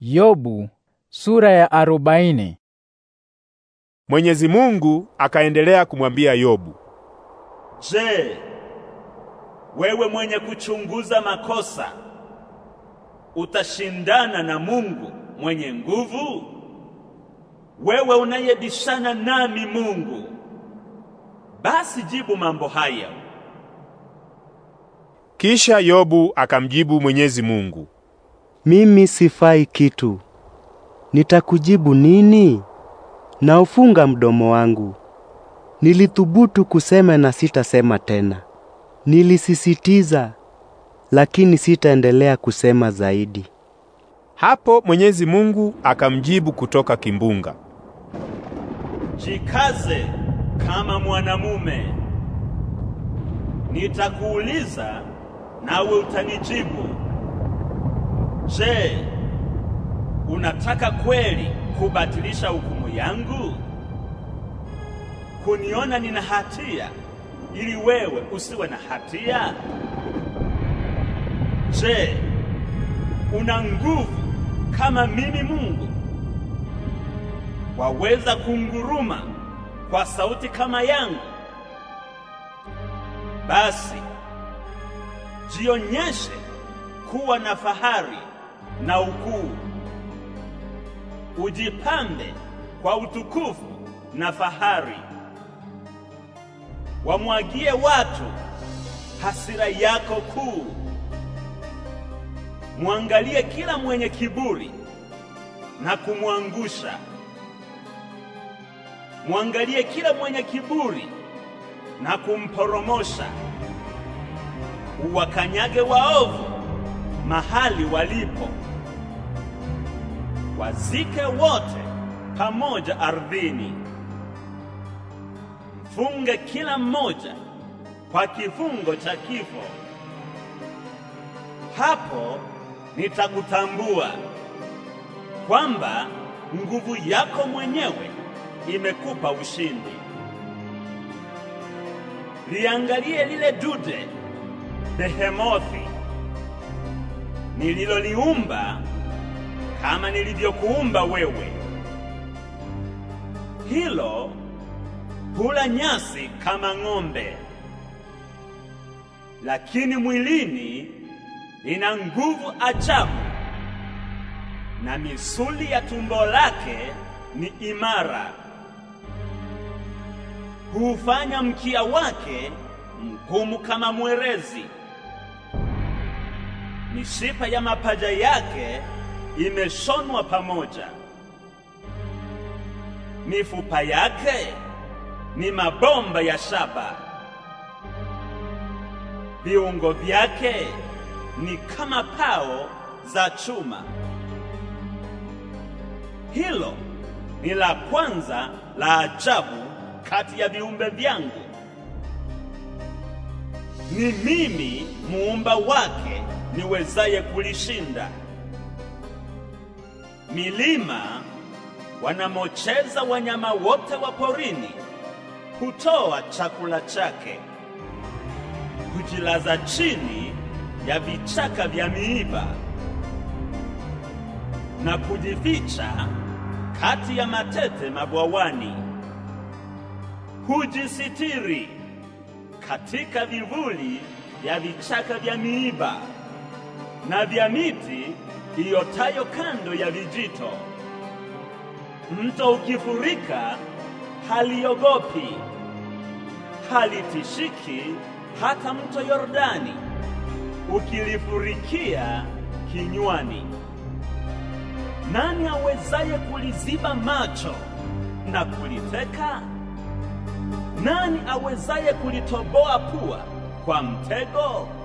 Yobu sura ya arobaini. Mwenyezi Mungu akaendelea kumwambia Yobu, Je, wewe mwenye kuchunguza makosa utashindana na Mungu mwenye nguvu? Wewe unayebishana nami Mungu, basi jibu mambo haya. Kisha Yobu akamjibu Mwenyezi Mungu mimi sifai kitu, nitakujibu nini? Naufunga mdomo wangu. Nilithubutu kusema na sitasema tena. Nilisisitiza, lakini sitaendelea kusema zaidi. Hapo Mwenyezi Mungu akamjibu kutoka kimbunga, jikaze kama mwanamume, nitakuuliza nawe utanijibu. Je, unataka kweli kubatilisha hukumu yangu? Kuniona nina hatia ili wewe usiwe na hatia? Je, una nguvu kama mimi Mungu? Waweza kunguruma kwa sauti kama yangu? Basi jionyeshe kuwa na fahari na ukuu, ujipambe kwa utukufu na fahari, wamwagie watu hasira yako kuu. Mwangalie kila mwenye kiburi na kumwangusha, mwangalie kila mwenye kiburi na kumporomosha. Uwakanyage waovu mahali walipo wazike wote pamoja ardhini, mfunge kila mmoja kwa kifungo cha kifo. Hapo nitakutambua kwamba nguvu yako mwenyewe imekupa ushindi. Liangalie lile dude Behemothi nililoliumba kama nilivyokuumba wewe. Hilo hula nyasi kama ng'ombe, lakini mwilini lina nguvu ajabu, na misuli ya tumbo lake ni imara. Huufanya mkia wake mgumu kama mwerezi, mishipa ya mapaja yake imeshonwa pamoja, mifupa yake ni mabomba ya shaba, viungo vyake ni kama pao za chuma. Hilo ni la kwanza la ajabu kati ya viumbe vyangu. Ni mimi muumba wake niwezaye kulishinda milima wanamocheza wanyama wote wa porini hutoa chakula chake, hujilaza chini ya vichaka vya miiba na kujificha kati ya matete mabwawani. Hujisitiri katika vivuli vya vichaka vya miiba na vya miti iotayo kando ya vijito. Mto ukifurika haliogopi, halitishiki hata mto Yordani ukilifurikia kinywani. Nani awezaye kuliziba macho na kuliteka? Nani awezaye kulitoboa pua kwa mtego?